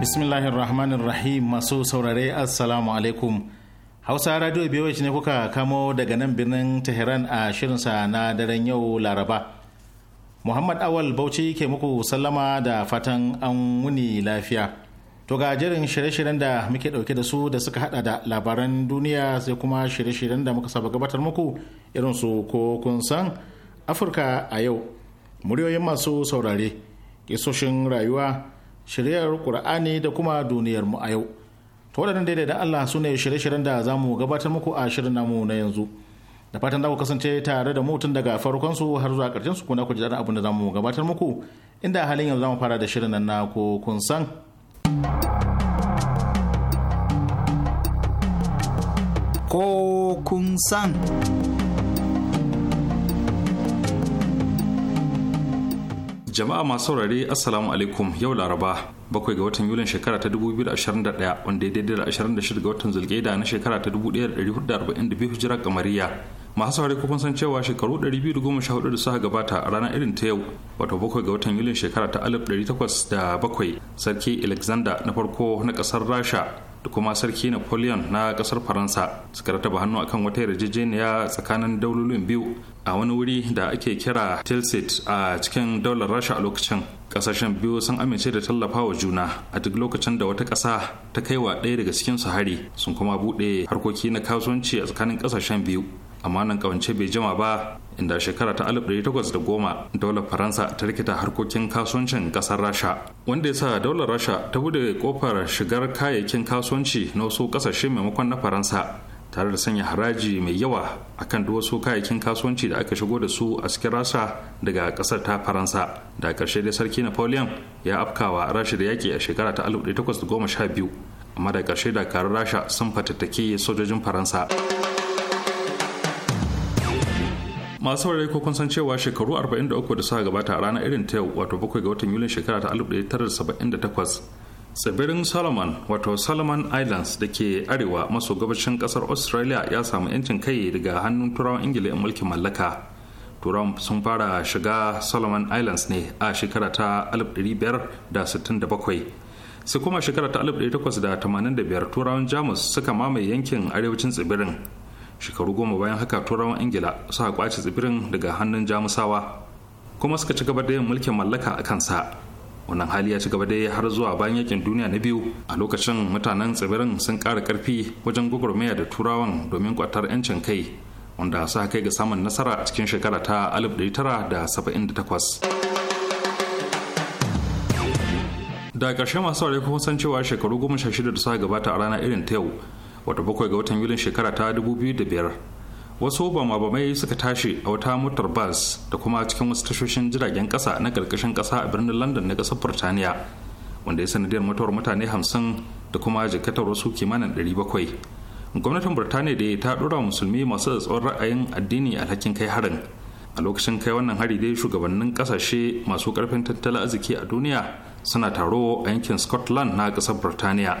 rahim masu saurare Assalamu alaikum. Hausa Radio BOH ne kuka kamo daga nan birnin Tehran a shirinsa na daren yau Laraba. Muhammad Awal Bauchi ke muku sallama da fatan an wuni lafiya. To ga jerin shirye-shiryen da muke dauke da su da suka hada da labaran duniya sai kuma shirye-shiryen da muka saba gabatar muku irin su ko kun san Afirka a yau. Muryoyin masu saurare, kisoshin rayuwa, shiryar Qur'ani da kuma duniyar mu a yau. To waɗannan daidai da Allah su ne shirye-shiryen da za mu gabatar muku a shirin namu na yanzu. Da fatan za ku kasance tare da mutun daga farkon har zuwa ƙarshen su kuna ku ji daɗin abin da za mu gabatar muku inda halin yanzu za mu fara da shirin nan na ko kun san. Ko kun san. jama'a masu saurari assalamu alaikum yau laraba bakwai ga watan yulin shekara ta 2021 wanda ya daidai da 26 ga watan zulgaida na shekara ta 1442 hijira kamariya masu saurari kuma san cewa shekaru 214 da suka gabata a ranar irin ta yau wato bakwai ga watan yulin shekara ta 1807 sarki alexander na farko na kasar rasha da kuma sarki napoleon na kasar faransa suka rataba hannu akan wata yarjejeniya tsakanin daulolin biyu a wani wuri da ake kira tilsit a cikin daular rasha a lokacin kasashen biyu sun amince da tallafa wa juna a duk lokacin da wata ƙasa ta kaiwa wa ɗaya daga cikin su hari sun kuma buɗe harkoki na kasuwanci a tsakanin kasashen biyu amma nan kawance bai jima ba inda shekara ta 1810 daular faransa ta rikita harkokin kasuwancin kasar rasha wanda ya sa daular rasha ta bude kofar shigar kayayyakin kasuwanci na wasu kasashe maimakon na faransa tare da sanya haraji mai yawa akan duk wasu kayayyakin kasuwanci da aka shigo da su a cikin rasha daga kasar ta faransa da karshe dai sarki napoleon ya afkawa rasha da yaki a shekara ta biyu amma da karshe dakarun rasha sun fatattaki sojojin faransa masu saurare ko kun san cewa shekaru 43 da suka gabata a ranar irin ta yau wato bakwai ga watan yulin shekara ta 1978 tsibirin solomon wato solomon islands da ke arewa maso gabashin kasar australia ya samu 'yancin kai daga hannun turawan ingila 'yan mulkin mallaka turawan sun fara shiga solomon islands ne a shekara ta 1567 sai kuma shekara ta 1885 turawan jamus suka mamaye yankin arewacin tsibirin shekaru goma bayan haka turawan ingila suka kwace tsibirin daga hannun jamusawa kuma suka ci gaba da yin mulkin mallaka a kansa wannan hali ya ci gaba da har zuwa bayan yakin duniya na biyu a lokacin mutanen tsibirin sun ƙara karfi wajen gwagwarmaya da turawan domin kwatar 'yancin kai wanda sa kai ga samun nasara a cikin shekara ta 1978 da saba'in da ƙarshe masu ware kuma san cewa shekaru goma sha shida da suka gabata a rana irin ta yau wata bakwai ga watan yulin shekara ta biyu da biyar wasu mai suka tashi a wata motar bas da kuma cikin wasu tashoshin jiragen kasa na karkashin kasa a birnin london na kasar burtaniya wanda ya sanadiyar mutuwar mutane hamsin da kuma jikatar wasu kimanin bakwai gwamnatin burtaniya da ta dora musulmi masu tsatsuwar ra'ayin addini alhakin kai harin a lokacin kai wannan hari dai shugabannin kasashe masu karfin tattalin arziki a duniya suna taro a yankin scotland na kasar burtaniya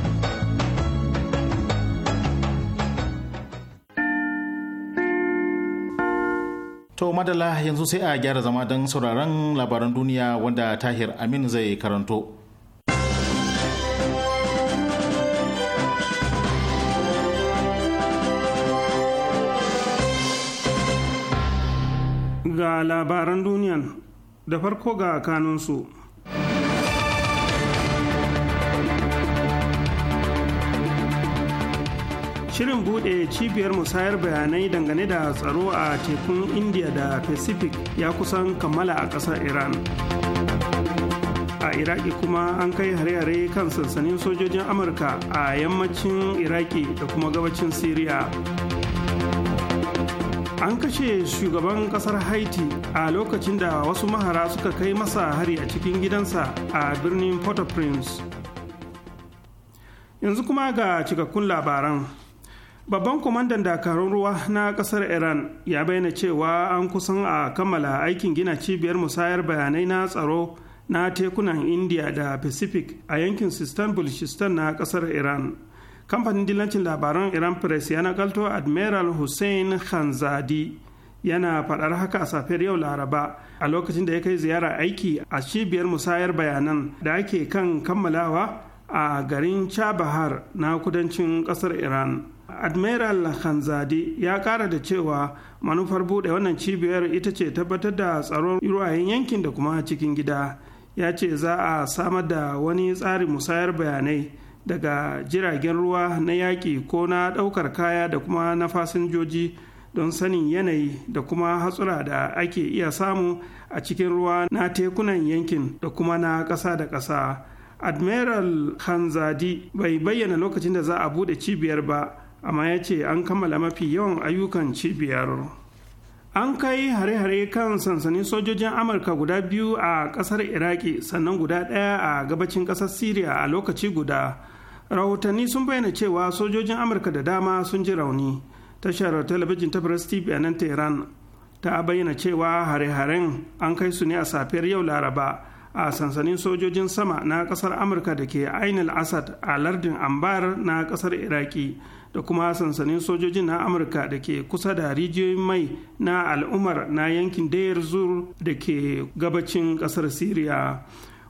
To madala yanzu sai a gyara zama don sauraron labaran duniya wanda Tahir Amin zai karanto. Ga labaran duniyan da farko ga kanunsu. shirin bude cibiyar musayar bayanai dangane da tsaro a tekun Indiya da pacific ya kusan kammala a ƙasar iran a iraki kuma an kai hare-hare kan sansanin sojojin amurka a yammacin iraki da kuma gabacin syria an kashe shugaban kasar haiti a lokacin da wasu mahara suka kai masa hari a cikin gidansa a birnin port-au-prince yanzu kuma ga cikakkun labaran babban kwamandan dakarun ruwa na kasar iran ya bayyana cewa an kusan a kammala aikin gina cibiyar musayar bayanai na tsaro na tekunan india da pacific a yankin sistan bulchistan na kasar iran kamfanin dilancin labaran iran press ya nakalto admiral hussein khanzadi yana faɗar haka a safiyar yau laraba a lokacin da ya kai ziyara aiki a cibiyar musayar bayanan da ake kan kammalawa a garin chabahar na kudancin kasar iran admiral hanzade ya kara da cewa manufar buɗe wannan cibiyar ita ce tabbatar da tsaron ruwayen yankin da kuma cikin gida ya ce za a samar da wani tsarin musayar bayanai daga jiragen ruwa na yaƙi ko na ɗaukar kaya da kuma na fasinjoji don sanin yanayi da kuma hatsura da ake iya samu a cikin ruwa na tekunan yankin da kuma na ƙasa da ƙasa admiral hanzadi bai bayyana lokacin da za a buɗe cibiyar ba amma ya ce an kammala mafi yawan ayyukan cibiyar an kai hare-hare kan sansanin sojojin amurka guda biyu a kasar iraki sannan guda ɗaya a gabacin ƙasar syria a lokaci guda rahotanni sun bayyana cewa sojojin amurka da dama sun ji rauni tashar talabijin ta tv a nan tehran ta bayyana cewa hare-haren an kai su ne a safiyar yau laraba a sansanin sojojin sama na kasar amurka da ke ainul asad a lardin ambar na kasar iraki da kuma sansanin sojojin na amurka da ke kusa da rijiyoyin mai na al'umar na yankin dayar zur da ke gabacin kasar syria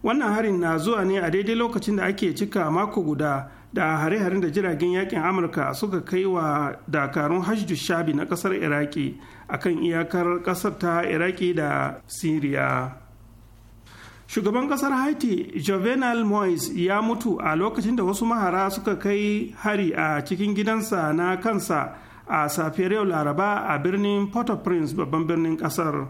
wannan harin na zuwa ne a daidai lokacin da ake cika mako guda da hare-haren da jiragen yakin amurka suka kai wa dakarun hajju shabi na kasar iraki akan iyakar kasar ta iraki da syria shugaban kasar haiti jovenel moise ya mutu a lokacin da wasu mahara suka kai hari a cikin gidansa na kansa a safiyar yau laraba a birnin port-au-prince babban birnin kasar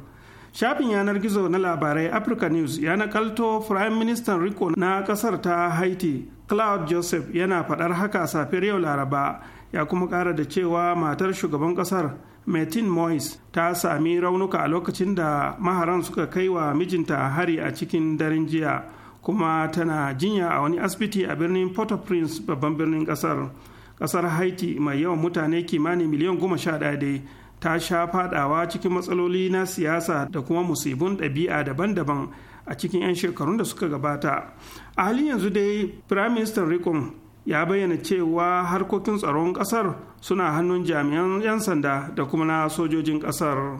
shafin yanar gizo na labarai africa news ya nakalto prime minister riko na kasar ta haiti claude joseph yana faɗar haka safiyar yau laraba ya kuma ƙara da cewa matar shugaban ƙasar metin moyes ta sami raunuka a lokacin da maharan suka kai wa mijinta hari a cikin daren jiya kuma tana jinya a wani asibiti a birnin port-au-prince babban birnin ƙasar ƙasar haiti mai yawan mutane kimanin miliyan goma sha dai ta sha fadawa cikin matsaloli na siyasa da kuma musibin ɗabi'a daban-daban a cikin 'yan shekarun da suka gabata a halin yanzu dai firaministan rikon ya bayyana cewa harkokin tsaron kasar suna hannun jami'an 'yan sanda da kuma na sojojin kasar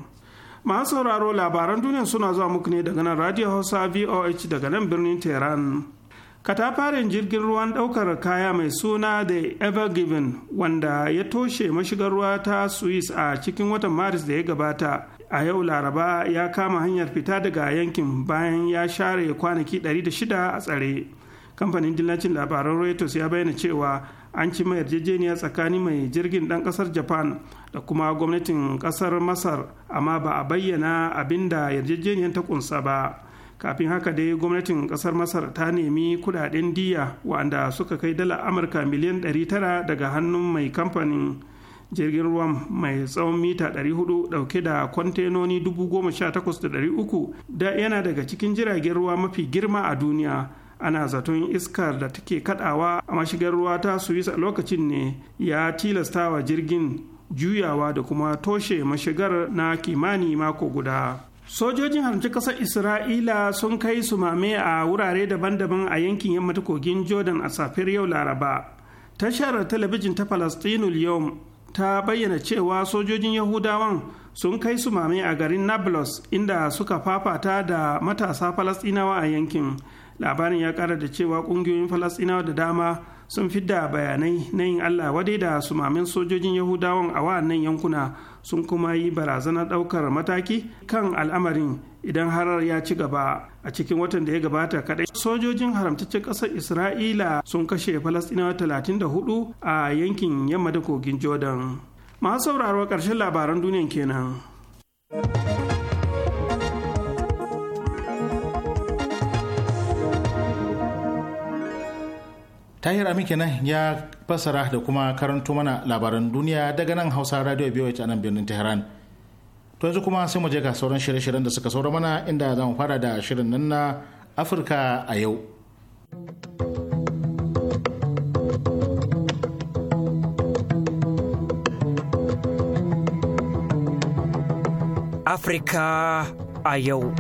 masu sauraro labaran duniya suna zuwa muku ne daga nan radio hausa voh daga nan birnin tehran katafaren jirgin ruwan daukar kaya mai suna da ever given wanda ya toshe mashigar ruwa ta swiss a cikin watan maris da ya gabata a yau laraba ya kama hanyar fita daga yankin bayan ya share kwanaki shida a tsare kamfanin dillacin labaran reuters ya bayyana cewa an ci mai yarjejeniya tsakanin mai jirgin dan kasar japan da kuma gwamnatin kasar masar amma ba a bayyana abin da yarjejeniyar ta kunsa ba kafin haka dai gwamnatin kasar masar ta nemi kudaden diya wanda suka kai dala amurka miliyan 900 daga hannun mai kamfanin jirgin ruwan mai tsawon mita 400 dauke da kwantenoni 18,300 da yana daga cikin jiragen ruwa mafi girma a duniya ana zaton iskar da take kadawa a mashigar ruwa ta su lokacin ne ya tilasta wa jirgin juyawa da kuma toshe mashigar na kimani mako guda sojojin harci kasar isra'ila sun kai su mame a wurare daban-daban a yankin yammata kogin jordan a safiyar yau laraba tashar talabijin ta palestinul yau ta bayyana cewa sojojin yahudawan sun kai su mame a garin nablus inda suka fafata da matasa falastinawa a yankin labarin ya kara da cewa kungiyoyin falasinawa da dama sun fidda bayanai na yin allah wadai da sumamin sojojin yahudawan a wa'annan yankuna sun kuma yi barazanar daukar mataki kan al'amarin idan harar ya ci gaba a cikin watan da ya gabata kadai sojojin haramtaccen ƙasar isra'ila sun kashe falasinawa 34 a yankin yamma da kogin jordan masu sauraro ƙarshen labaran duniya kenan. tahir amin kenan ya fassara da kuma karanto mana labaran duniya daga nan hausa radio biyu a nan birnin tehran to yanzu kuma sai mu je ga sauran shirye-shiryen da suka saura mana inda za mu fara da shirin nan na afirka a yau afirka a yau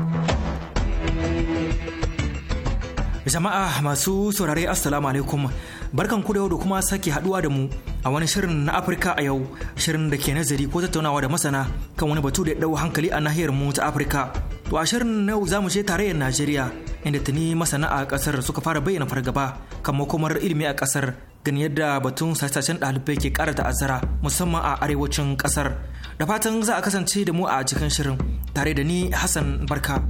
Jama'a masu saurare Assalamu alaikum barkan ku da yau da kuma sake haduwa da mu a wani shirin na Afirka a yau shirin da ke nazari ko tattaunawa da masana kan wani batu da ya dau hankali a nahiyar mu ta Afirka. To a shirin na yau zamu je tarayyar Najeriya inda tuni masana a kasar suka fara bayyana fargaba kan makomar ilimi a kasar gani yadda batun sasashen ɗalibai ke ƙara ta'azzara musamman a arewacin kasar. Da fatan za a kasance da mu a cikin shirin tare da ni Hassan Barka.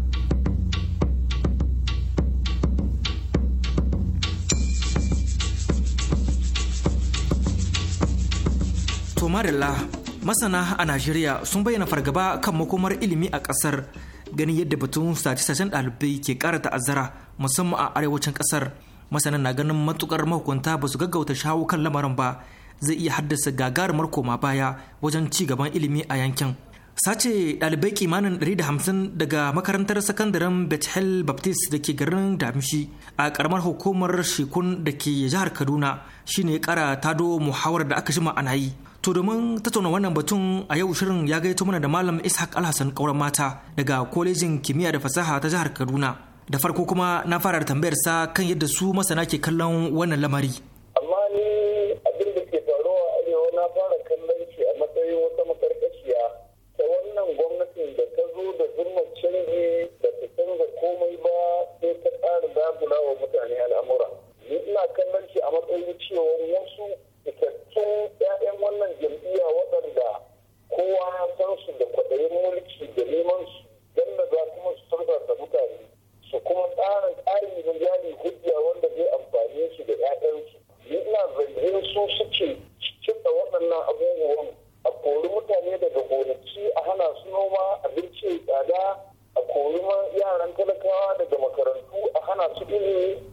marilla masana a Najeriya sun bayyana fargaba kan makomar ilimi a ƙasar ganin yadda batun sace-sacen ɗalibai ke ƙara ta'azzara musamman a arewacin ƙasar. masana na ganin matukar mahukunta ba su gaggauta shawo kan lamarin ba zai iya haddasa gagarumar koma baya wajen ci gaban ilimi a yankin. Sace ɗalibai kimanin hamsin daga makarantar sakandaren Bethel Baptist da ke garin Damishi a ƙaramar hukumar Shekun da ke jihar Kaduna shine ya ƙara tado muhawar da aka shima ana yi. To domin tattauna wannan batun a yau shirin ya gaito mana da Malam Ishaq Alhassan Kauran Mata daga Kwalejin Kimiyya da Fasaha ta Jihar Kaduna. Da farko kuma na fara tambayar sa kan yadda su masana ke kallon wannan lamari. Amma ni abin da ke faruwa a yau na fara kallon shi a matsayin wata makarkashiya ta wannan gwamnatin da ta zo da zumar canji da ta canza komai ba sai ta ƙara dagula wa mutane al'amura. Ni ina kallon shi a matsayin cewa wasu cikin 'ya'yan wannan jam'iyya waɗanda kowa ya san su da kwaɗayin mulki da neman su don da za kuma su sarrafa mutane su kuma tsara tsari na jari hujja wanda zai amfane su da 'ya'yansu ni ina zargin su suke cikin da waɗannan abubuwan a kori mutane daga gonaki a hana su noma abinci tsada a kori yaran talakawa daga makarantu a hana su ilimi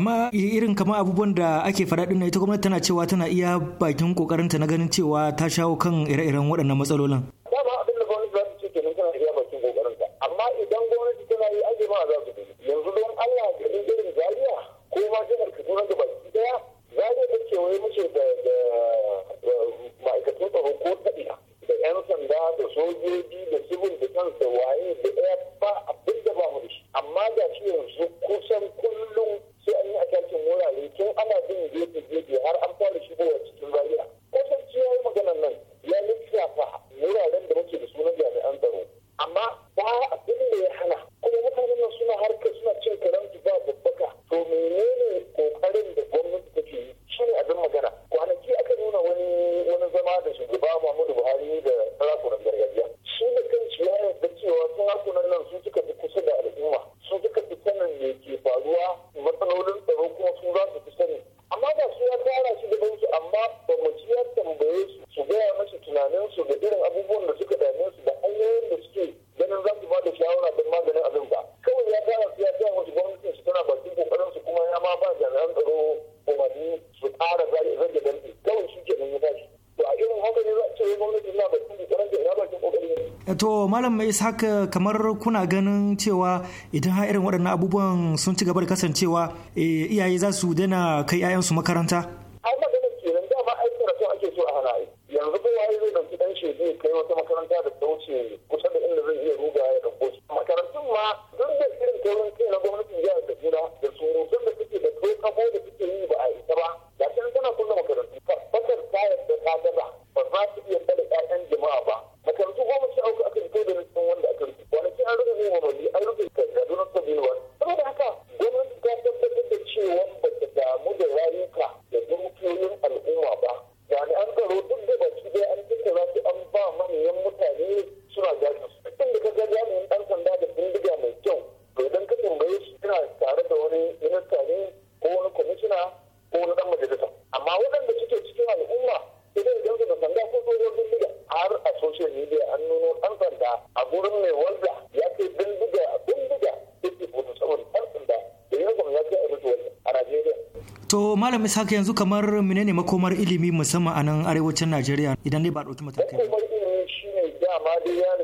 amma irin kamar abubuwan da ake faɗa ɗin ita gwamnati tana cewa tana iya bakin kokarinta na ganin cewa ta shawo kan ire-iren waɗannan matsalolin malam mai saka kamar kuna ganin cewa idan har irin waɗannan abubuwan sun ci gaba da kasancewa eh, iyaye za su daina kai 'ya'yansu makaranta? Ai magana kenan dama aikin rasu ake so a hana yanzu kowa ya zai ɗauki ɗan zai kai wata makaranta da ta wuce kusa da inda zai iya ruga ya ɗauko shi. Makarantun ma duk da irin taurin saka yanzu kamar menene makomar ilimi musamman a nan arewacin najeriya idan dai ba ɗauki matakai ba. makomar ilimi shi ne dama dai ya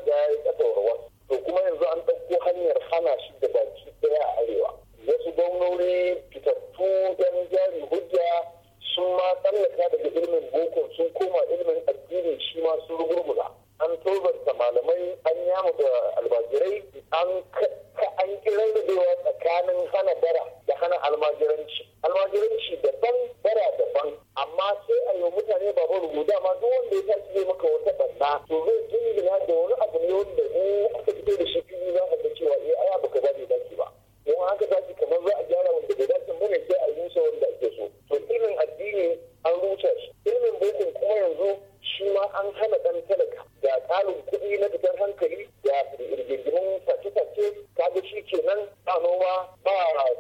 an hana dan talaka da tsarin kuɗi na fitar hankali da rigingimin face-face ga shi kenan ba noma ba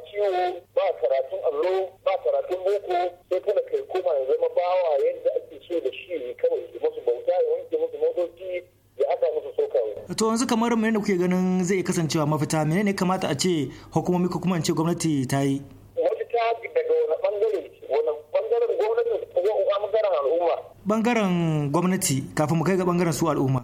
ciwo ba karatun allo ba karatun boko sai talaka ya koma ya zama bawa yadda ake so da shi kawai ya musu bauta ya wanke musu motoci ya aka musu sokawa. to yanzu kamar menene kuke ganin zai kasancewa mafita menene kamata a ce hukumomi ko kuma in ce gwamnati ta yi. bangaren gwamnati kafin mu kai ga bangaren su al'umma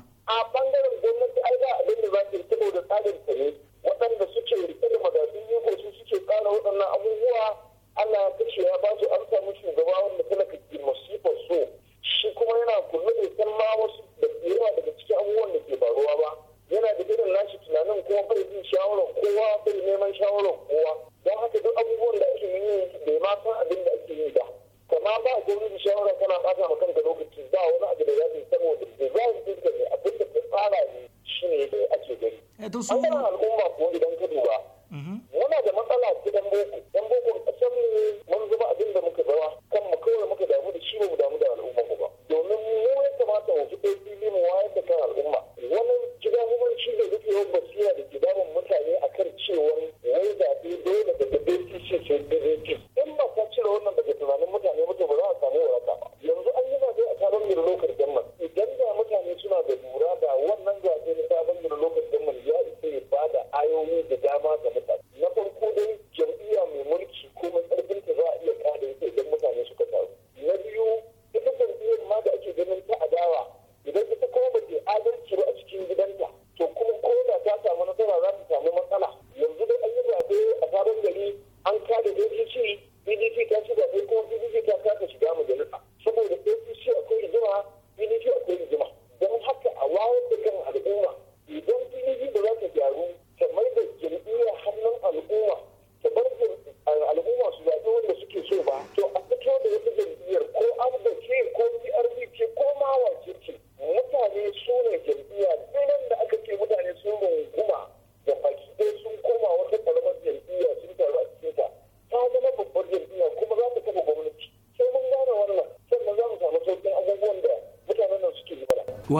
Wilson I'm An you dokoki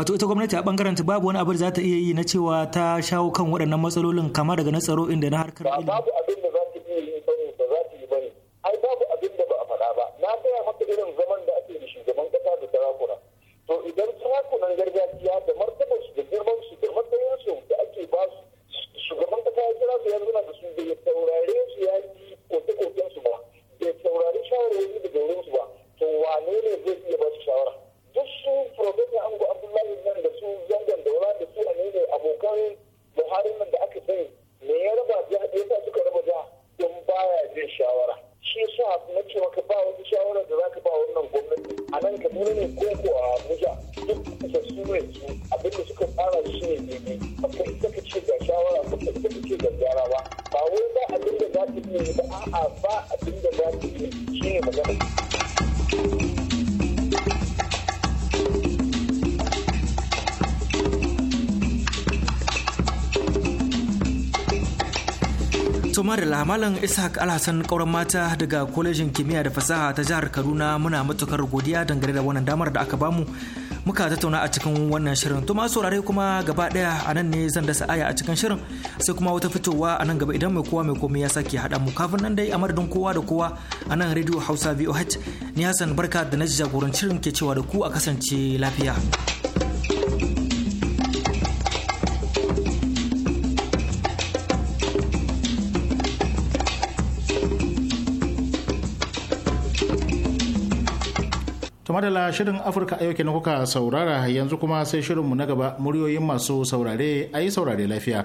wato ita gwamnati a bangaren ta babu wani abu da za ta iya yi na cewa ta shawo kan waɗannan matsalolin kama daga na tsaro inda na harkar ilimi babu Malam Ishaq Alhassan kauran mata daga kwalejin kimiyya da fasaha ta jihar Kaduna muna matukar godiya dangane da wannan damar da aka bamu. Muka tattauna a cikin wannan shirin. To masu saurare kuma gaba daya a nan ne zan dasa aya a cikin shirin sai kuma wata fitowa a nan gaba idan mai kowa mai komai ya sake haɗa mu kafin nan dai a madadin kowa da kowa a nan rediyo Hausa VOH ni Hassan barka da na jagorancin ke cewa da ku a kasance lafiya. kamar da shirin Afirka a yau kuka saurara yanzu kuma sai shirinmu na gaba muryoyin masu saurare a yi saurare lafiya.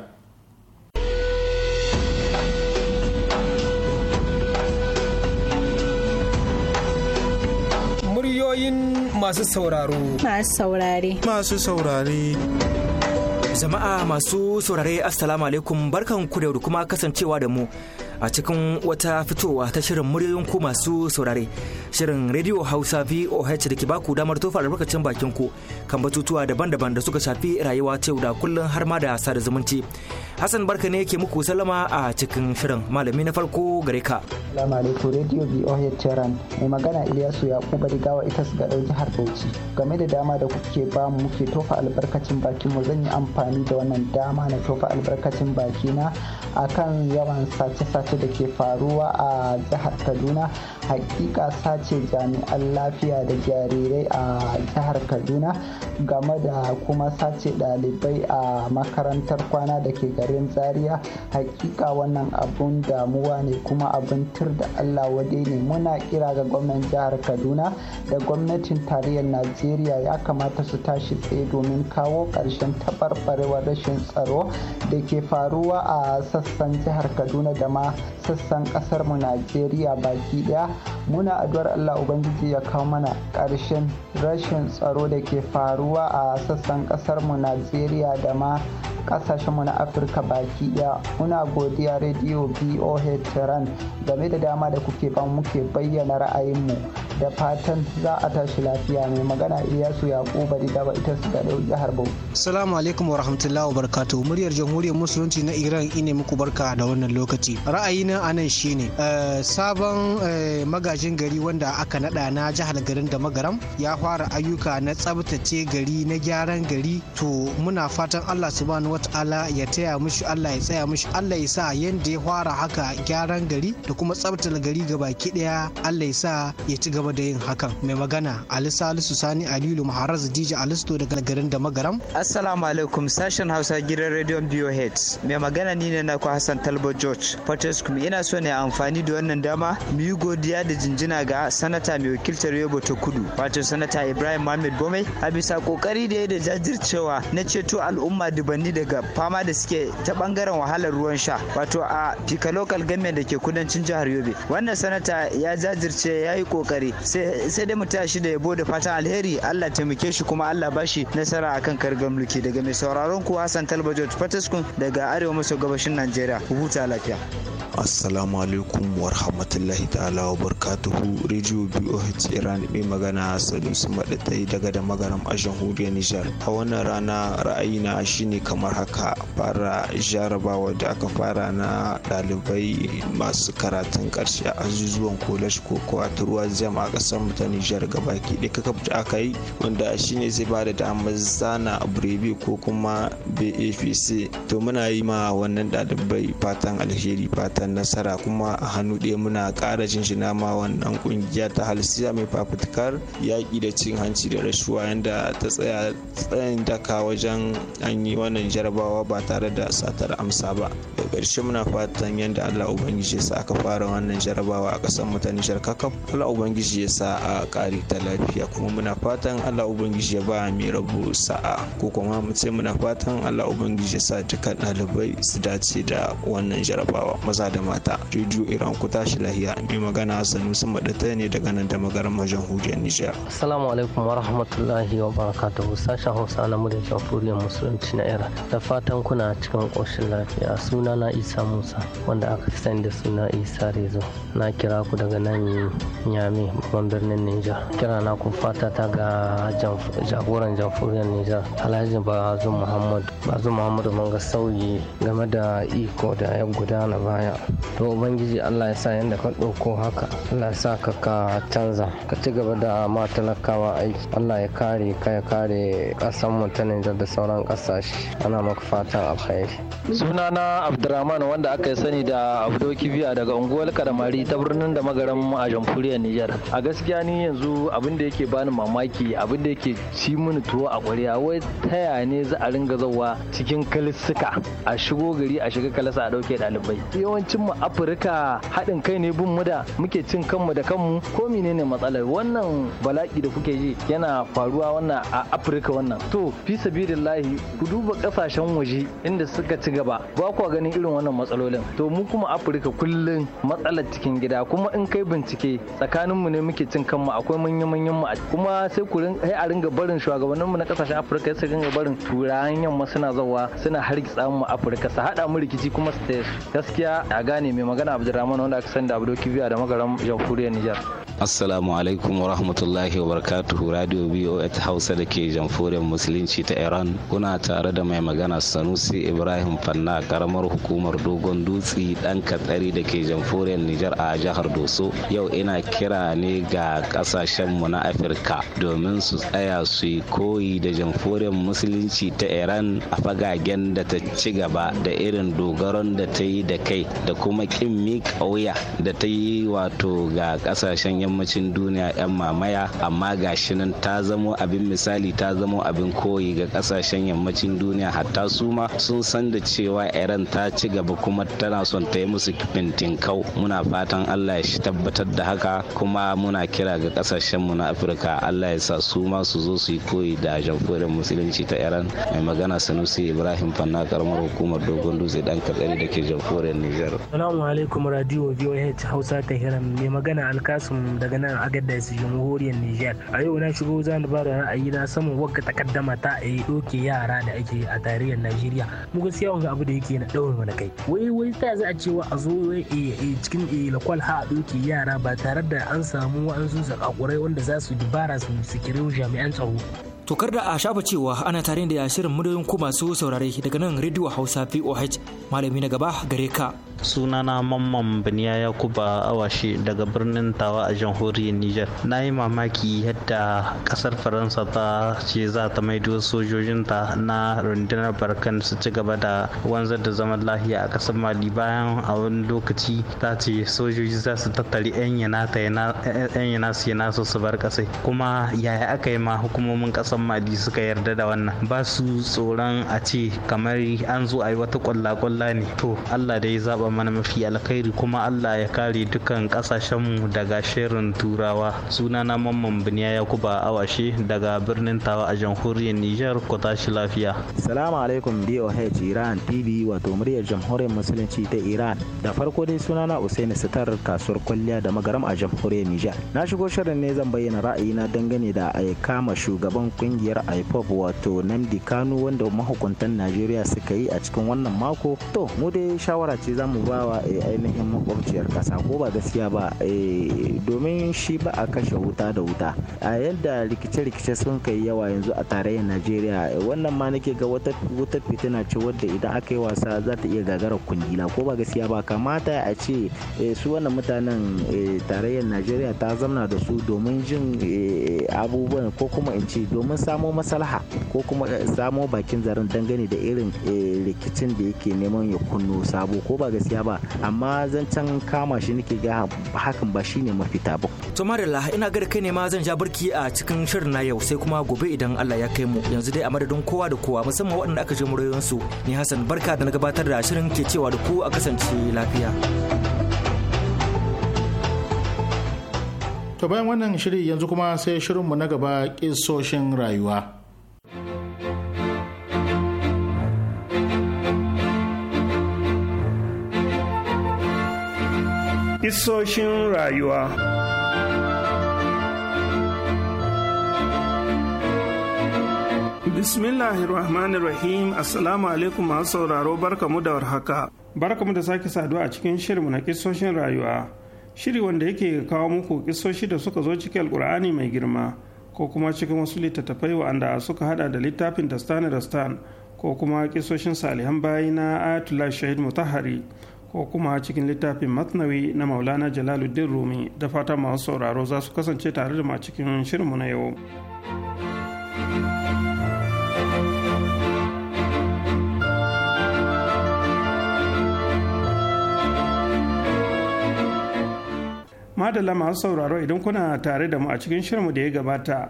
Muryoyin masu sauraro. Masu saurare. Masu saurare. Jama'a masu saurare Assalamu alaikum barkan ku da kuma kasancewa da mu a cikin wata fitowa ta shirin muryoyin ku masu saurare shirin rediyo hausa voh da ke baku damar tofa albarkacin bakin ku kan batutuwa daban-daban da suka shafi rayuwa ta yau da kullum har ma da sada zumunci hassan barka ne ke muku salama a cikin shirin malami na farko gare ka salamu alaikum radio voh tehran mai magana iliyasu yakuba gawa ita su ga jihar bauchi game da dama da kuke ba mu muke tofa albarkacin bakin mu zan yi amfani da wannan dama na tofa albarkacin bakina akan yawan sace-sace ce da ke faruwa a jihar kaduna hakika sace jami'an lafiya da jarirai a jihar kaduna game da kuma sace ɗalibai a makarantar kwana da ke garin zaria hakika wannan abun damuwa ne kuma abin tur da allah wadai ne muna kira ga gwamnan jihar kaduna da gwamnatin tarayyar najeriya ya kamata su tashi tsaye domin kawo ƙarshen tabarbarewar rashin tsaro da ke faruwa a sassan jihar kaduna da ma sassan ƙasarmu najeriya baki ɗaya muna addu'ar Allah Ubangiji ya kawo mana ƙarshen rashin tsaro da ke faruwa a sassan ƙasarmu Najeriya da ma ƙasashenmu na Afirka baki ɗaya. Muna godiya Radio BOH Tehran game da dama da kuke ba muke bayyana ra'ayinmu. da fatan za a tashi lafiya mai magana Ilyasu Yakuba Didawa ita su ga jihar harbo Assalamu alaikum wa wabarakatuh Muryar Jamhuriyar Musulunci na Iran ine muku barka da wannan lokaci. Ra'ayina a nan shine eh, sabon eh, magajin gari wanda aka nada na jihar garin da magaram ya fara ayyuka na tsabtace gari na gyaran gari to muna fatan Allah subhanahu wata'ala ya taya mushi Allah ya tsaya mushi Allah ya sa yanda ya fara haka gyaran gari da kuma tsabtace gari gabaki daya Allah ya sa ya ci gaba gaba da yin hakan mai magana ali salisu sani aliyu maharaz dija alisto daga garin da magaram assalamu alaikum sashen hausa gidan rediyon biyo mai magana ni ne na ku hassan talbot george kuma ina so ne amfani da wannan dama mu yi godiya da jinjina ga sanata mai wakiltar yobo ta kudu wato sanata ibrahim mohammed bome a bisa kokari da ya da jajircewa na ceto al'umma dubanni daga fama da suke ta bangaren wahalar ruwan sha wato a fika local government da ke kudancin jihar yobe wannan sanata ya jajirce ya yi kokari sai dai mu taya shi da yabo da fatan alheri Allah taimake shi kuma Allah ba shi nasara akan kargar mulki daga mai sauraron ku Hassan Talbajo Fataskun daga arewa maso gabashin Najeriya huta lafiya Assalamu alaikum wa rahmatullahi ta'ala wa barakatuhu Radio BOH Iran mai magana Salisu Madatai daga da magaram a jamhuriyar Nijar a wannan rana ra'ayina shine kamar haka fara jarabawa da aka fara na dalibai masu karatun karshe a azuzuwan college ko kuwa jama'a a kasar mu ta Nijar gabaki da ka fita aka yi wanda shine zai bada damar zana abrebe ko kuma BAPC to muna yi ma wannan ɗalibai fatan alheri fatan nasara kuma a hannu ɗaya muna ƙara jinjina ma wannan ƙungiya ta halsiya mai fafutukar yaƙi da cin hanci da rashuwa yanda ta tsaya tsayin daka wajen an yi wannan jarabawa ba tare da satar amsa ba da ƙarshe muna fatan yadda Allah Ubangiji sa aka fara wannan jarabawa a ƙasar mu ta Nijar Allah Ubangiji ubangiji ya sa a kare ta lafiya kuma muna fatan allah ubangiji ya ba mai rabu sa'a ko kuma mu ce muna fatan allah ubangiji ya sa dukkan ɗalibai su dace da wannan jarabawa maza da mata rediyo iran ku tashi lahiya mai magana sanusi maɗata ne daga nan da majan jamhuriyar nijar assalamu alaikum wa rahmatullahi wa barakatuhu sashen hausa na muryar jamhuriyar musulunci na iran da fatan kuna cikin ƙoshin lafiya suna na isa musa wanda aka sani da suna isa rezo na kira ku daga nan Nyame babban birnin Nijar. Kira na ku fata ta ga jagoran jamfuriyar Nijar Alhaji bazu Muhammad. Bazum Muhammad mun ga sauyi game da iko da ya gudana baya. To Ubangiji Allah ya sa yanda ka ɗauko haka. Allah ya sa ka ka canza. Ka ci gaba da ma talakawa aiki. Allah ya kare ka ya kare ƙasar mu ta Nijar da sauran ƙasashe. Ana maka fatan alkhairi. Sunana Abdurrahman wanda aka sani da Abdo Kibiya daga unguwar Karamari ta birnin da magaran a jamhuriyar Nijar. a gaskiya ni yanzu abin da yake bani mamaki abin da yake ci mini tuwo a ƙwarya wai taya ne za a ringa zawa cikin kalissuka a shigo gari a shiga kalasa a ɗauke ɗalibai yawancin mu afirka haɗin kai ne bin mu muke cin kanmu da kanmu ko menene matsalar wannan bala'i da kuke ji yana faruwa wannan a afirka wannan to fi sabilillahi ku duba ƙasashen waje inda suka ci gaba ba ku ganin irin wannan matsalolin to mu kuma afirka kullum matsalar cikin gida kuma in kai bincike tsakaninmu ne ne muke cin kanmu akwai manyan manyan mu kuma sai ku sai a ringa barin shugabannin mu na kasashen Afirka sai ringa barin turawan yamma suna zawa suna hargitsa mu Afirka su hada mu rikici kuma su gaskiya a gane mai magana Abdulrahman wanda aka sani da Abdul Kibiya da magaran Jamhuriyar Nijar Assalamu alaikum wa rahmatullahi wa barakatuhu Radio Hausa da ke Jamhuriyar Musulunci ta Iran kuna tare da mai magana Sanusi Ibrahim Fanna karamar hukumar Dogon Dutse dan Katsari da ke Jamhuriyar Nijar a jihar Doso yau ina kira ne ne ga kasashenmu na afirka domin su tsaya su yi koyi da jamhuriyar musulunci ta iran a fagagen da ta ci gaba da irin dogaron da ta yi da kai da kuma kin miƙa wuya da ta yi wato ga kasashen yammacin duniya 'yan mamaya amma ga shi nan ta zamo abin misali ta zamo abin koyi ga kasashen yammacin duniya hatta su ma sun san da cewa iran ta ci gaba kuma tana son ta yi musu kau. muna fatan allah ya shi tabbatar da haka kuma muna kira ga kasashen mu na afirka allah ya sa su ma su zo su yi koyi da jamhuriyar musulunci ta iran mai magana sanusi ibrahim fanna karamar hukumar dogon dutse dan katsari da ke jamhuriyar niger salamu alaikum radio voh hausa ta hiram mai magana alkasum daga nan su jamhuriyar nijar a yau na shigo zan ba da ra'ayi na saman wagga takaddama ta a yi doke yara da ake a tarihin najeriya mu gaskiya wanga abu da yake na daurin mana kai wai wai ta za a cewa a zo eh, eh, cikin eh, lakwal ha a doke yara ba tare da an samu samu wa'ansu zakakurai wanda za su dubara su sikiri jami'an tsaro tokar da a shafa cewa ana tare da ya shirin muryoyin ku masu saurare daga nan rediyo hausa voh malami na gaba gare ka sunana mamman biniya yakuba awashi daga birnin tawa a jamhuriyar niger na yi mamaki yadda kasar faransa ta ce za ta maido sojojinta na rundunar barkan su ci gaba da wanzar da zaman lafiya a kasar mali bayan a wani lokaci ta ce sojoji za su tattali 'yan yana su yana su su bar kasai kuma yaya aka yi ma hukumomin kasar mali suka yarda da wannan ba su tsoron a ce kamar an zo a yi wata kwalla-kwalla ne to allah da ya zaba zaɓa mana mafi alkhairi kuma Allah ya kare dukan mu daga shirin turawa sunana mamman biniya yakuba awashe daga birnin tawa a jamhuriyar Nijar ku tashi lafiya. Salamu alaikum BOH Iran TV wato muryar jamhuriyar musulunci ta Iran da farko dai sunana Usaini Sitar kasuwar kwalliya da magaram a jamhuriyar Nijar. Na shigo shirin ne zan bayyana ra'ayina dangane da a kama shugaban kungiyar IPOP wato Namdi Kanu wanda mahukuntan Najeriya suka yi a cikin wannan mako. To mu dai shawara ce zamu mu ba wa eh, ainihin makwabciyar ƙasa ko ba gaskiya ba eh, domin shi ba a kashe wuta da wuta a yadda rikice-rikice sun kai yawa yanzu a tarayyar najeriya eh, wannan ma nake ga wata fitina ce wadda idan aka yi wasa za ta iya gagarar kungila ko ba gaskiya ba kamata a ce su wannan mutanen tarayyar najeriya ta zamna da su domin jin abubuwan ko kuma in ce domin samo maslaha ko kuma samo bakin zaren dangane da irin rikicin da yake neman ya kunno sabo ko ba gaskiya gaskiya ba amma zancen kama shi nake ga hakan ba shine mafita ba to marilla ina ga kai ne ma zan ja barki a cikin shirin na yau sai kuma gobe idan Allah ya kai mu yanzu dai a madadin kowa da kowa musamman waɗanda aka je murayoyin su ni Hassan barka da na gabatar da shirin ke cewa da ku a kasance lafiya To bayan wannan shiri yanzu kuma sai shirinmu na gaba kisoshin rayuwa. Isoshin rayuwa. Bismillahirrahmanirrahim Assalamu alaikum masu sauraro barkamu da warhaka. Barkamu da sake saduwa a cikin shirinmu na kisoshin rayuwa. Shiri wanda yake kawo muku kisoshi da suka zo cikin alkur'ani mai girma ko kuma cikin wasu littattafai wa'anda suka hada da littafin Dastan Dastan ko kuma kisoshin salihan bayi na Ayatollah Shahid Mutahari ko kuma cikin littafin masnawi na maulana jalaluddin rumi da fata masu sauraro za su kasance tare da ma cikin shirinmu na yau madalla masu sauraro idan kuna tare da mu a cikin shirinmu da ya gabata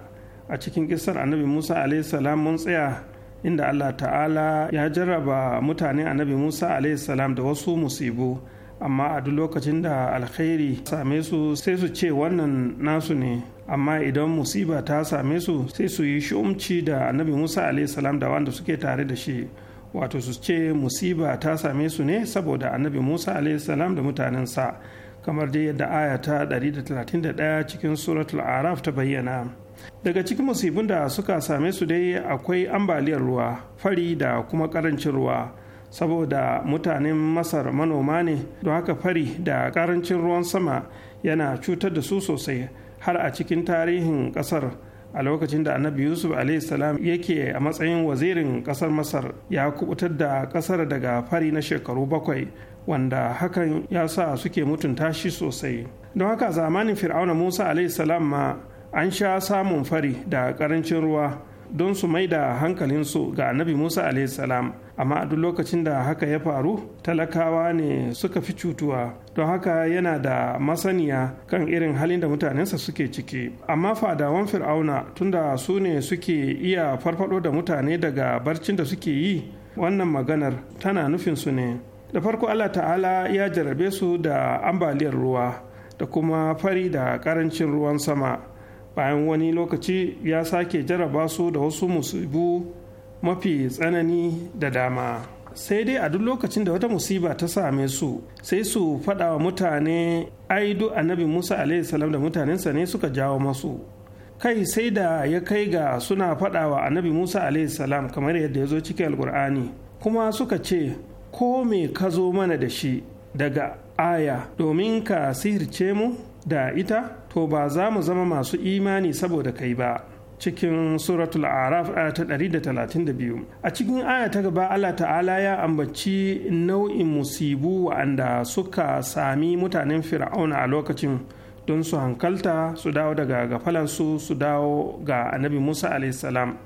a cikin kisar annabi musa salam mun tsaya inda allah ta'ala ya jarraba mutane annabi musa salam da wasu musibu amma a duk lokacin da alkhairi same su sai su ce wannan nasu ne amma idan musiba ta same su sai su yi shumci da annabi musa salam da wanda suke tare da shi wato su ce musiba ta same su ne saboda annabi musa salam da mutanensa kamar dai yadda aya ta 131 cikin suratul araf ta bayyana daga cikin musibin da suka same su dai akwai ambaliyar ruwa fari da kuma karancin ruwa saboda mutanen masar manoma ne don haka fari da karancin ruwan sama yana cutar da su sosai har a cikin tarihin kasar a lokacin da annabi yusuf salam yake a matsayin wazirin kasar masar ya kubutar da kasar daga fari na shekaru bakwai wanda hakan ya sa suke mutunta shi sosai don haka zamanin fir'auna musa salam ma an sha samun fari da ƙarancin ruwa don su mai da hankalinsu ga annabi musa salam amma a duk lokacin da haka ya faru talakawa ne suka fi cutuwa don haka yana da masaniya kan irin halin da mutanensa suke ciki amma fadawan fir'auna tunda su ne suke iya farfado da mutane daga barcin da suke yi wannan maganar tana nufinsu ne da farko allah ta'ala ya jarabe su da ambaliyar ruwa da kuma fari da karancin ruwan sama bayan wani lokaci ya sake jaraba su da wasu musibu mafi tsanani da dama sai dai a duk lokacin da wata musiba ta same su sai su faɗa wa mutane aidu annabi musa salam da mutanensa ne suka jawo masu kai sai da ya kai ga suna faɗa wa annabi musa salam kamar yadda ya zo cikin alkur'ani kuma suka ce ko me ka zo mana da shi daga aya domin ka sihirce mu da ita to ba za mu zama masu imani saboda kai ba cikin suratul araf aya ta biyu. a cikin aya ta gaba Allah ta'ala ya ambaci nau'in musibu wa'anda suka sami mutanen fir'auna a lokacin don su hankalta su dawo daga gafalansu su dawo ga annabi musa salam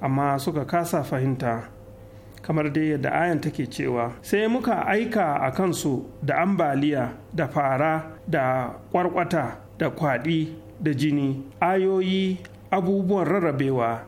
amma suka kasa fahimta kamar dai yadda ayan take cewa sai muka aika a kansu da ambaliya da fara da kwarkwata da kwaɗi da jini ayoyi abubuwan rarrabewa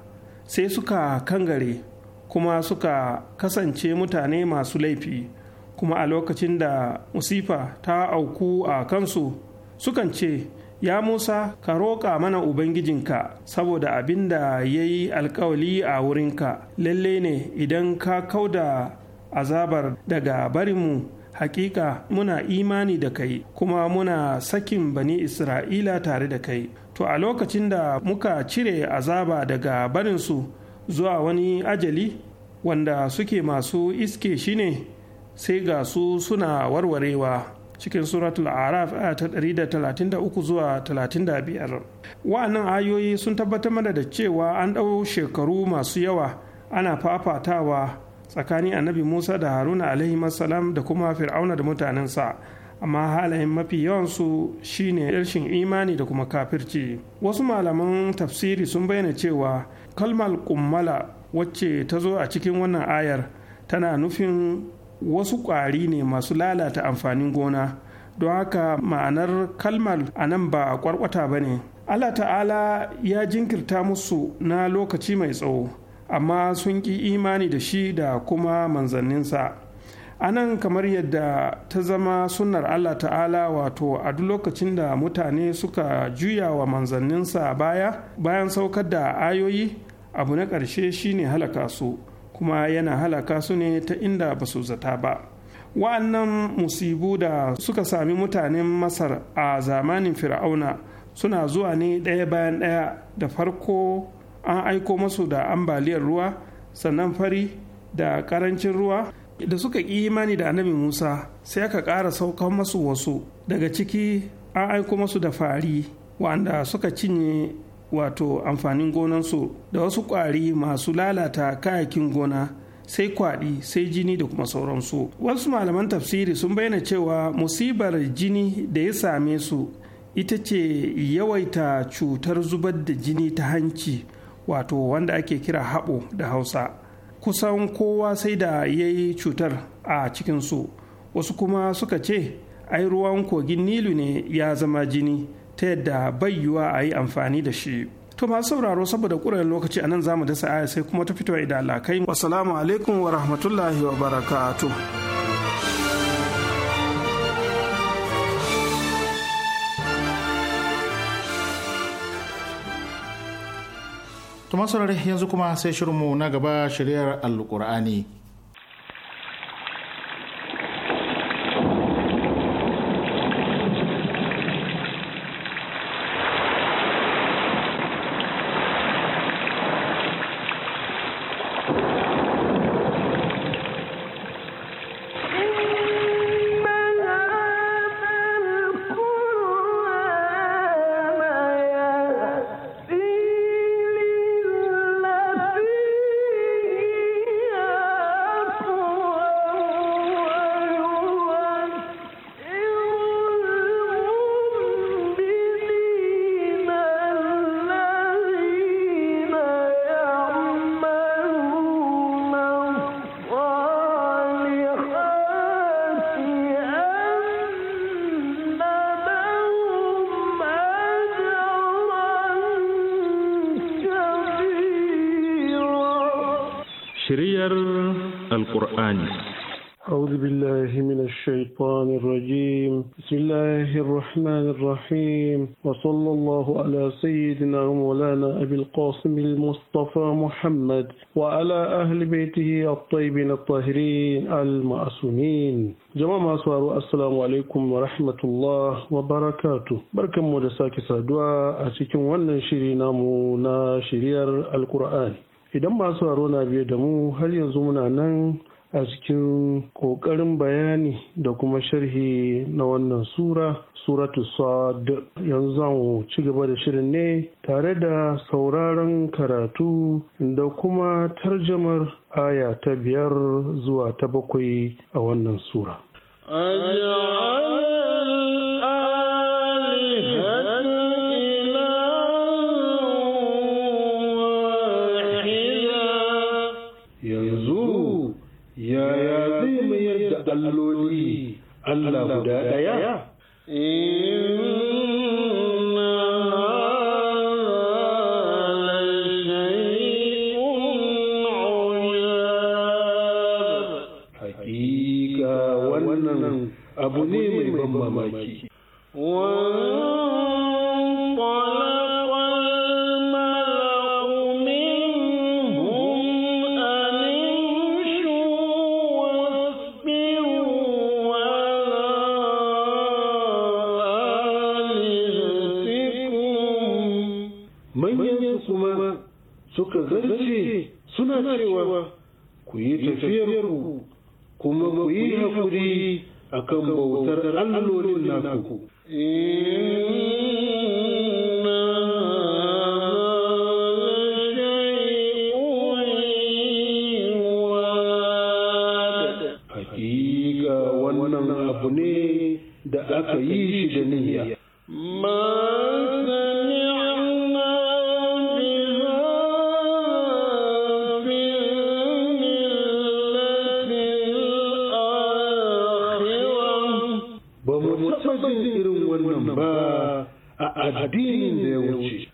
sai suka kangare kuma suka kasance mutane masu laifi kuma a lokacin da musifa ta auku a kansu sukan ce ya musa ka roƙa mana ubangijinka saboda abin da ya yi alkawali a wurinka lalle ne idan ka kauda azabar daga barinmu hakika muna imani da kai kuma muna sakin bani isra'ila tare da kai to a lokacin da muka cire azaba daga barinsu zuwa wani ajali wanda suke masu iske shi ne sai ga su suna warwarewa cikin suratul araf a 133 zuwa 35 wa'annan ayoyi sun tabbatar mana da cewa an ɗau shekaru masu yawa ana fafatawa tsakanin annabi musa da haruna alaihi salam da kuma fir'auna da mutanensa amma halayen mafi yawansu shine rashin imani da kuma kafirci wasu malaman tafsiri sun bayyana cewa kalmar kummala wacce ta zo a cikin wannan ayar tana nufin wasu ƙwari ne masu lalata amfanin gona don haka ma'anar kalmar a nan ba a kwarkwata ba ne allah ta'ala ya jinkirta musu na lokaci mai tsawo amma sun ƙi imani da shi da kuma manzanninsa a nan kamar yadda ta zama sunar allah ta'ala wato a duk lokacin da mutane suka juya wa manzanninsa baya bayan saukar da ayoyi abu na ƙarshe shine halaka su kuma yana halaka su ne ta inda ba su zata ba wa'annan musibu da suka sami mutanen masar a zamanin fir'auna suna zuwa ne ɗaya bayan ɗaya da farko an aiko masu da ambaliyar ruwa sannan fari da karancin ruwa da suka ƙi imani da annabi musa sai aka ƙara saukan masu wasu daga ciki an aiko masu da fari wanda suka cinye wato amfanin gonansu da wasu ƙwari masu lalata kayakin gona sai kwaɗi sai jini da kuma sauransu wasu malaman tafsiri sun bayyana cewa musibar jini da ya same su ita ce yawaita cutar zubar da jini ta hanci wato wanda ake kira haɓo da hausa kusan kowa sai da ya yi cutar a cikinsu wasu kuma suka ce ai ruwan kogin nilu ne ya zama jini ta yadda bayyuwa a yi amfani da shi to masu sauraro saboda ƙuran lokaci a anan zamu dasa aya sai kuma ta fito idan alakai wasu alaikum wa rahmatullahi wa barakatuh To masu yanzu kuma sai shirinmu na gaba shari'ar Alƙur'ani. على سيدنا مولانا أبي القاسم المصطفى محمد وعلى أهل بيته الطيبين الطاهرين المعصومين jama'a masu waro assalamu alaikum wa rahmatullah wa barakatu mu da sake saduwa a cikin wannan shiri namu na shiriyar alkur'ani idan masu waro na biye da mu har yanzu muna nan a cikin ƙoƙarin bayani da kuma sharhi na wannan sura suratu sad yanzu zan ci gaba da shirin ne tare da sauraron karatu da kuma tarjamar aya ta biyar zuwa ta bakwai a wannan sura. الله هدى دياه akan bautar allolin naku addinin da ya wuce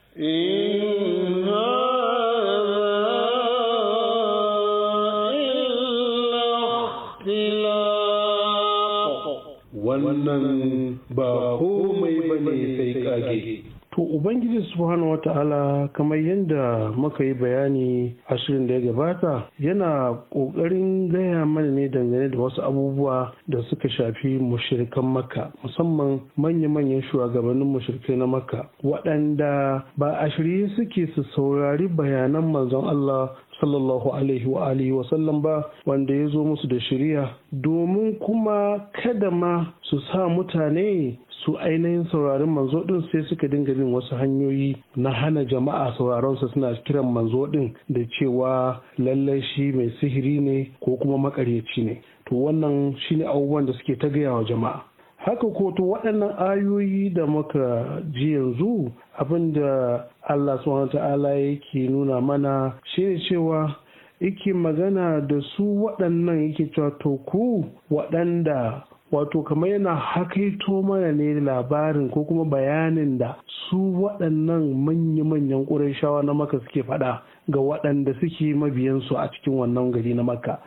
wannan ba komai ba ne sai kage to ubangiji subhanahu ta'ala kamar yadda muka yi bayani a shirin da ya gabata yana ƙoƙarin gaya mana ne dangane da wasu abubuwa da suka shafi mushirikan makka musamman manya-manyan shugabannin mushirikai na makka waɗanda ba a shirye suke su saurari bayanan manzon Allah sallallahu alaihi wa alihi wasallam ba wanda ya zo musu da shirya, domin kuma kada ma su sa mutane su ainihin saurarin manzo din sai suka dinga bin wasu hanyoyi na hana jama'a sauraron sa suna kiran manzo din da cewa lallai shi mai sihiri ne ko kuma makaryaci ne to wannan shine abubuwan da suke ta gaya wa jama'a haka ko to waɗannan ayoyi da muka ji yanzu abinda Allah subhanahu ta'ala yake nuna mana shine cewa yake magana da su waɗannan yake cewa to ku waɗanda wato kamar yana hakaito mana ne labarin ko kuma bayanin da su waɗannan manya-manyan ƙurashawa na maka suke faɗa ga waɗanda suke mabiyansu a cikin wannan gari na makka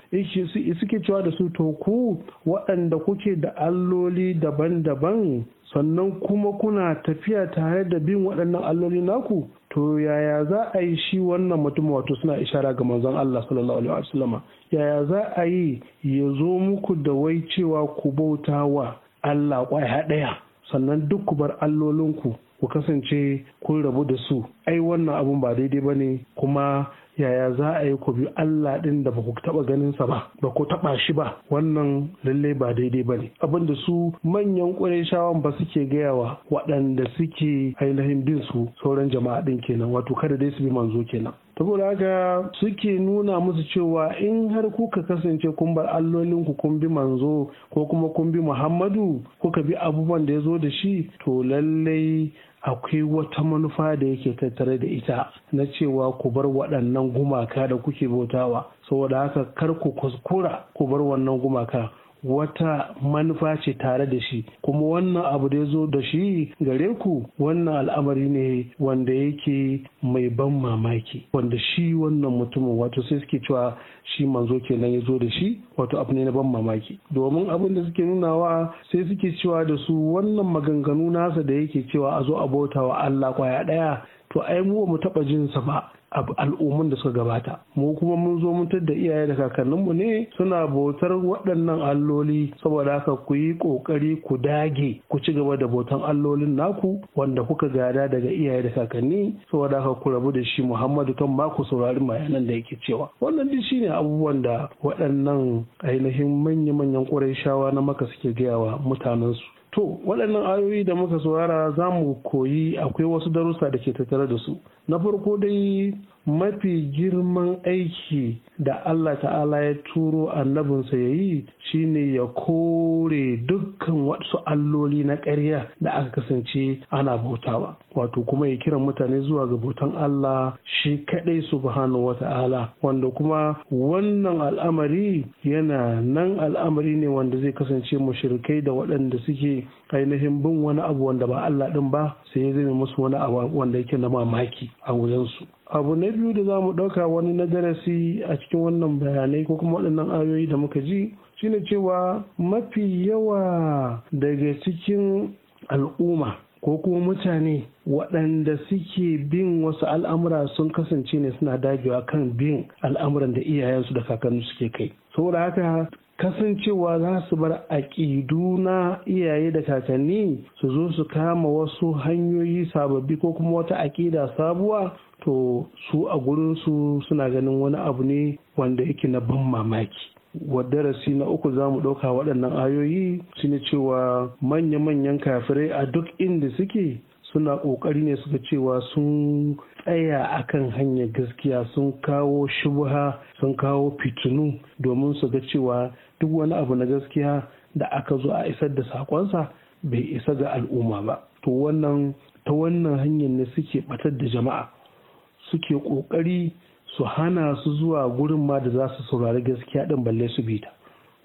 suke cewa da su to ku waɗanda kuke da alloli daban-daban sannan kuma kuna tafiya tare da bin waɗannan alloli naku to yaya za a yi shi wannan mutum wato suna ishara ga manzon Allah sallallahu alaihi wasallam yaya za a yi ya zo muku da wai cewa ku bauta wa Allah kwaya ɗaya sannan duk ku bar allolinku ku kasance kun rabu da su ai wannan abun ba daidai ba ne kuma yaya za a yi ku bi Allah ɗin da ba ku taɓa ganinsa ba ba ku taɓa shi ba wannan lallai ba daidai ba ne abin da su manyan ƙurayshawan ba suke gayawa waɗanda suke ainihin bin su sauran jama'a ɗin kenan wato kada dai su bi manzo kenan saboda haka suke nuna musu cewa in har kuka kasance kun bar ku kun bi manzo ko kuma kun bi muhammadu kuka bi abubuwan da ya zo da shi to lallai akwai wata manufa da yake tattare da ita na cewa ku bar waɗannan gumaka da kuke bautawa saboda haka kar ku kuskura ku bar wannan gumaka wata manufa ce tare da shi kuma wannan abu da ya zo da shi gare ku wannan al'amari ne wanda yake mai ban mamaki wanda shi wannan mutumin wato sai suke cewa shi manzo kenan ya zo da shi wato abu ne na ban mamaki domin abin da suke nunawa sai suke cewa da su wannan maganganu nasa da yake cewa a zo a bauta wa Allah kwaya ɗaya to ai mu ba mu taba jin sa ba al'ummun da suka gabata mu kuma mun zo mun da iyaye da kakanninmu ne suna bautar waɗannan alloli saboda haka ku yi ƙoƙari ku dage ku ci gaba da bautan allolin naku wanda kuka gada daga iyaye da kakanni saboda haka ku rabu da shi muhammadu kan ma ku saurari mayanan da yake cewa wannan duk shine abubuwan da waɗannan ainihin manya-manyan ƙwarai shawa na maka suke gaya wa mutanensu To, waɗannan ayoyi da muka saurara za mu koyi akwai wasu darussa da ke tattare da su. Na farko dai mafi girman aiki da Allah ta'ala ya turo annabinsa ya yi shine ya kore dukkan wasu alloli na ƙarya da aka kasance ana bautawa wato kuma ya kiran mutane zuwa ga bautan Allah shi kaɗai subhanahu wa ta'ala wanda kuma wannan al'amari yana nan al'amari ne wanda zai kasance mushrikai da waɗanda suke ainihin bin wani abu wanda ba Allah ɗin ba sai ya zai musu wani abu wanda yake na mamaki a wajensu abu na biyu da za mu ɗauka wani na darasi a cikin wannan bayanai ko kuma waɗannan ayoyi da muka ji shine cewa mafi yawa daga cikin al'umma ko kuma mutane waɗanda suke bin wasu al'amura sun kasance ne suna dagewa kan bin al'amuran da iyayensu da kakanni suke kai saboda haka kasancewa za su bar aƙidu na iyaye da kakanni su zo su kama wasu hanyoyi sababbi ko kuma wata aƙida sabuwa to su a gurinsu suna ganin wani abu ne wanda yake na ban mamaki darasi na uku za mu ɗauka waɗannan ayoyi shine cewa manya-manyan kafirai a duk inda suke suna ƙoƙari ne suka cewa sun tsaya a kan hanyar gaskiya sun kawo shubha sun kawo fitinu domin su ga cewa duk wani abu na gaskiya da aka zo a isar da sakonsa bai isa ga al'umma ba to wannan ta wannan hanyar ne suke batar da jama'a suke kokari su hana su zuwa gurin ma da za su saurari gaskiya din balle su bi ta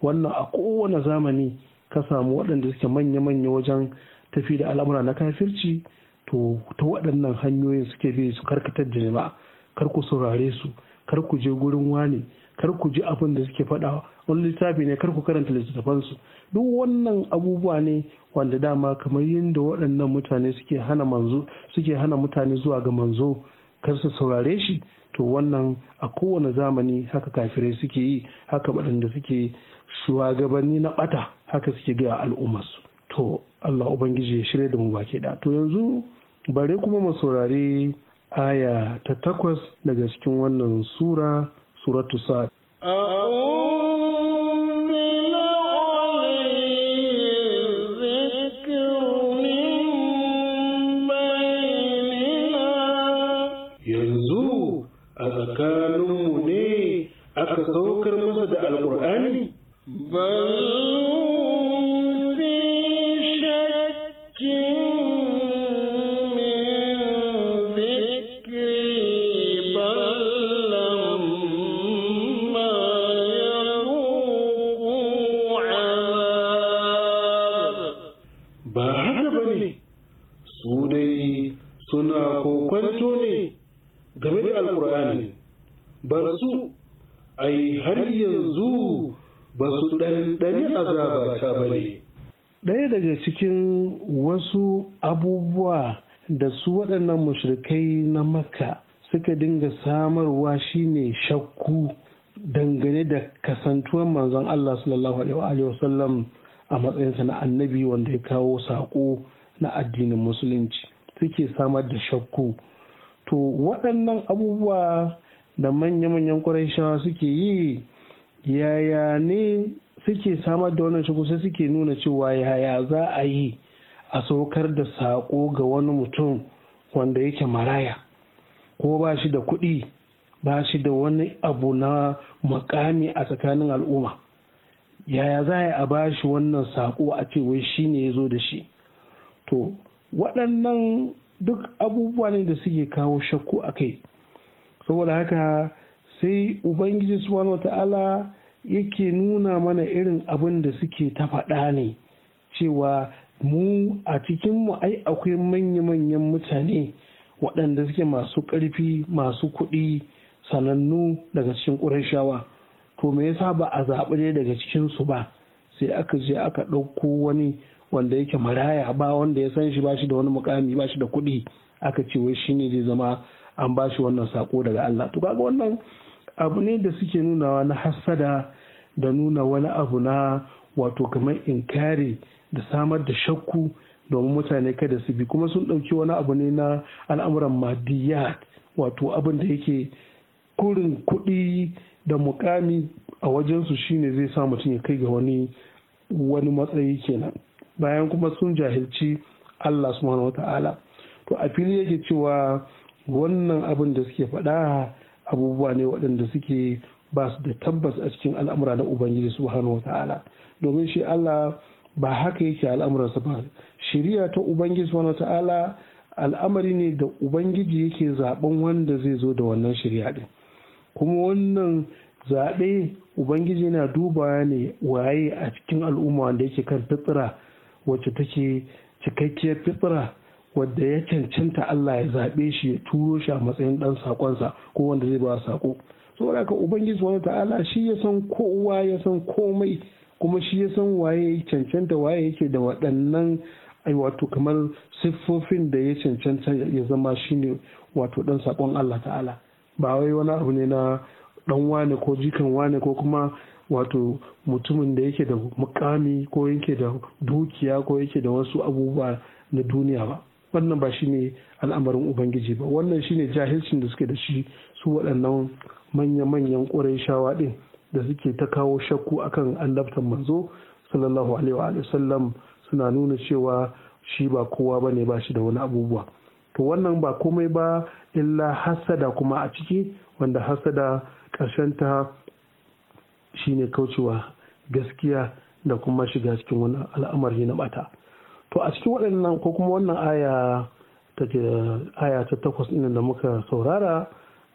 wannan a kowane zamani ka samu waɗanda suke manya-manya wajen tafi da al'amura na kafirci to ta waɗannan hanyoyin suke bi su karkatar da jama'a kar ku saurare su kar ku je gurin wani kar ku ji abin da suke faɗa wani littafi ne kar ku karanta littattafansu duk wannan abubuwa ne wanda dama kamar yadda waɗannan mutane suke hana manzo suke hana mutane zuwa ga manzo kar su saurare shi to wannan a kowane zamani haka kafirai suke yi haka waɗanda suke shugabanni na ɓata haka suke ga al'ummarsu to Allah Ubangiji ya shirya da mu baki da to yanzu bare kuma mu saurari aya ta takwas daga cikin wannan sura suratu sa'ad wanda ya kawo saƙo na addinin musulunci suke samar da shakku to waɗannan abubuwa da manya-manyan shawa suke yi yaya ne suke samar da wannan shakku sai suke nuna cewa yaya za a yi a saukar da saƙo ga wani mutum wanda yake maraya ko ba shi da kuɗi ba shi da wani abu na makami a tsakanin al'umma yaya za a ba shi wannan saƙo a ce wai shi ne ya zo da shi to waɗannan duk abubuwa ne da suke kawo shakku a kai saboda haka sai ubangiji subhanahu wata'ala yake nuna mana irin abin da suke ta faɗa ne cewa mu a cikinmu ai akwai manya-manyan mutane waɗanda suke masu ƙarfi masu kuɗi sanannu daga cikin ƙurashawa. shawa to me yasa ba a zaɓi ne daga cikin su ba sai aka je aka ɗauko wani wanda yake maraya ba wanda ya san shi ba shi da wani mukami ba shi da kuɗi aka ce wai shine zai zama an ba shi wannan sako daga Allah to kaga wannan abu ne da suke nunawa na hassada da nuna wani abu na wato kamar inkari da samar da shakku domin mutane kada su bi kuma sun ɗauki wani abu ne na al'amuran madiyat wato abin da yake kurin kuɗi da mukami a wajensu shine zai sa mutum ya kai ga wani wani matsayi kenan bayan kuma sun jahilci Allah subhanahu wata'ala to a fili yake cewa wannan abin da suke faɗa abubuwa ne waɗanda suke ba su da tabbas a cikin al'amura na ubangiji subhanahu wata'ala domin shi Allah ba haka yake al'amuransa ba shari'a ta ubangiji subhanahu wata'ala al'amari ne da ubangiji yake zaben wanda zai zo da wannan shiriya din kuma wannan zaɓe ubangiji na duba ne waye a cikin al'umma wanda yake kan fitsira wacce take cikakkiyar fitsira wadda ya cancanta Allah ya zaɓe shi ya turo shi a matsayin ɗan saƙonsa ko wanda zai ba saƙo saboda ka ubangiji wani ta'ala shi ya san kowa ya san komai kuma shi ya san waye ya cancanta waye yake da waɗannan ai wato kamar siffofin da ya cancanta ya zama shine wato ɗan saƙon Allah ta'ala ba wai wani abu ne na dan wane ko jikan wane ko kuma wato mutumin da yake da mukami ko yake da dukiya ko yake da wasu abubuwa na duniya ba wannan ba shine al'amarin ubangiji ba wannan shine jahilcin da suke da shi su waɗannan manya-manyan ƙurayshawa ɗin da suke ta kawo shakku akan annabtan manzo sallallahu alaihi wa sallam suna nuna cewa shi ba kowa ba ne ba shi da wani abubuwa to wannan ba komai ba illa hasada kuma a ciki wanda hasada ƙarshenta shine kaucewa gaskiya da kuma shiga cikin wani al'amari na mata to a cikin waɗannan ko kuma wannan aya ta aya ta takwas ɗin da muka saurara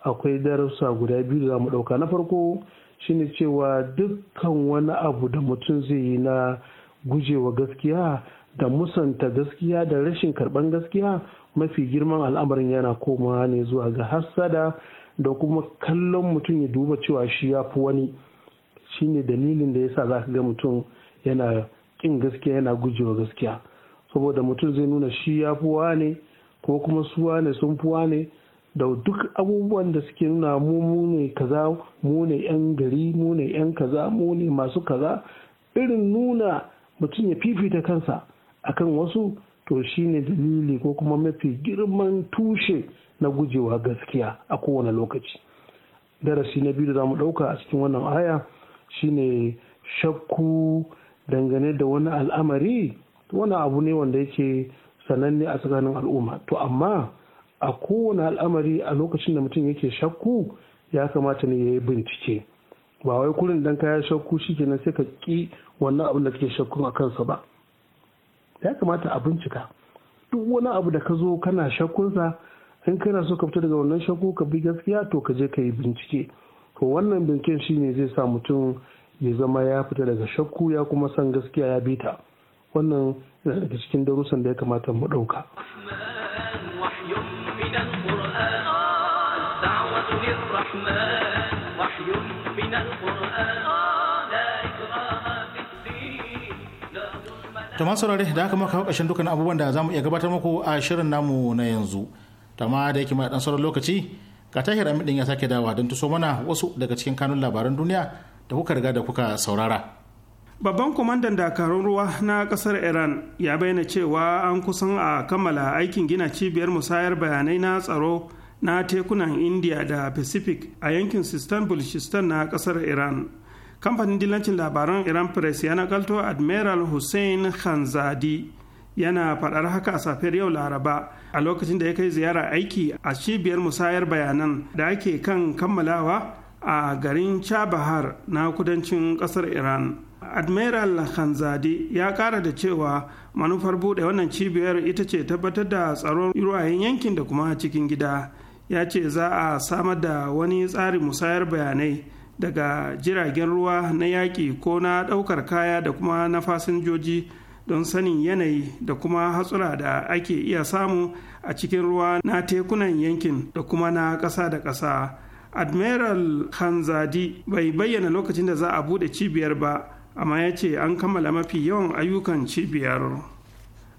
akwai darussa guda biyu da za mu ɗauka na farko shine cewa dukkan wani abu da mutum zai yi na gujewa gaskiya da musanta gaskiya da rashin karban gaskiya mafi girman al'amarin yana koma ne zuwa ga hassada da kuma kallon mutum ya duba cewa shi ya fi wani shine dalilin da yasa za ka ga mutum yana kin gaskiya yana gujewa gaskiya saboda mutum zai nuna shi ya fi wane ko kuma su wane sun fi wane da duk abubuwan da suke nuna mu mu ne kaza mu ne yan gari mu ne yan kaza mu ne masu kaza irin nuna mutum ya fifita kansa akan wasu to shine dalili ko kuma mafi girman tushe na gujewa gaskiya a kowane lokaci darasi na biyu da za mu ɗauka a cikin wannan aya shine shakku dangane da wani al'amari wani abu ne wanda yake sananne a tsakanin al'umma to amma a kowane al'amari a lokacin da mutum yake shakku ya kamata ne ya yi bincike ba wai kurin dan kaya shakku shi ke nan sai ka ki wannan abin da kake shakkun a kansa ba ya kamata a bincika duk wani abu da ka zo kana shakkunsa in kana so ka fita daga wannan shakku ka bi gaskiya to ka je ka yi bincike to wannan binciken shi ne zai sa mutum ya zama ya fita daga shakku ya kuma san gaskiya ya bi ta wannan yana daga cikin darussan da ya kamata mu ɗauka. to masu da haka muka ƙarshen dukkan abubuwan da za mu iya gabatar muku a shirin namu na yanzu tama da yake mai dan sauran lokaci ga ta hira ya sake dawa don tuso mana wasu daga cikin kanun labaran duniya da kuka riga da kuka saurara babban kwamandan dakarun ruwa na kasar iran ya bayyana cewa an kusan a kammala aikin gina cibiyar musayar bayanai na tsaro na tekunan india da pacific a yankin sistan bulishistan na kasar iran kamfanin dillancin labaran iran press ya nakalto admiral hussein khanzadi yana faɗar haka a safiyar yau laraba a lokacin da ya kai ziyara aiki a cibiyar musayar bayanan da ake kan kammalawa a garin chabahar na kudancin ƙasar iran admiral khanzadi ya kara da cewa manufar buɗe wannan cibiyar ita ce tabbatar da tsaron ruwayen yankin da kuma cikin gida ya ce za a samar da wani tsarin musayar bayanai daga jiragen ruwa na yaƙi ko na ɗaukar kaya da kuma na fasinjoji don sanin yanayi da kuma hatsura da ake iya samu a cikin ruwa na tekunan yankin da kuma na ƙasa da ƙasa admiral hanzadi bai bayyana lokacin da za a buɗe cibiyar ba amma ya ce an kammala mafi yawan ayyukan cibiyar.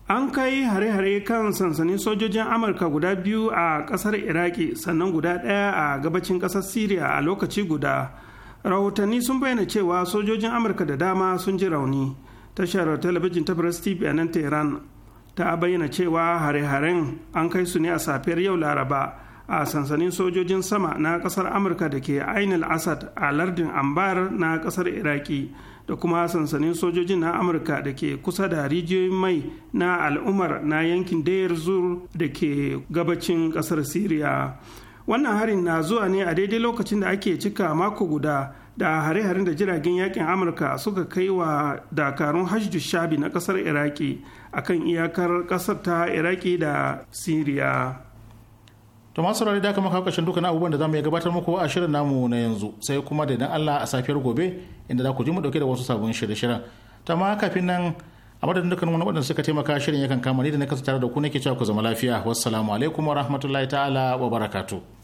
an kai hare-hare kan sansanin sojojin amurka guda biyu a ƙasar iraki sannan guda ɗaya a gabacin ƙasar syria a lokaci guda rahotanni sun bayyana cewa sojojin amurka da dama sun ji rauni tashar talabijin ta press tv a nan tehran ta bayyana cewa hare-haren an kai su ne a safiyar yau laraba a sansanin sojojin sama na kasar amurka da ke ainihin asad a lardin ambar na kasar iraki da kuma sansanin sojojin na amurka da ke kusa da rijiyoyin mai na al'umar na yankin dayar zur da ke gabacin kasar syria wannan harin na zuwa ne a daidai lokacin da ake cika mako guda da hare-haren da jiragen yakin amurka suka kai wa dakarun hajjus shabi na kasar iraki kan iyakar kasar ta iraki da siriya to masu rari da kama kakashin dukkan abubuwan da zamu iya gabatar muku a shirin namu na yanzu sai kuma da idan allah a safiyar gobe inda za ku ji mu dauke da wasu sabon shirye-shiryen ta ma kafin nan a madadin dukkan wani waɗanda suka taimaka shirin yakan kama ni da na kasa tare da ku nake cewa ku zama lafiya wassalamu alaikum wa rahmatullahi ta'ala wa barakatuh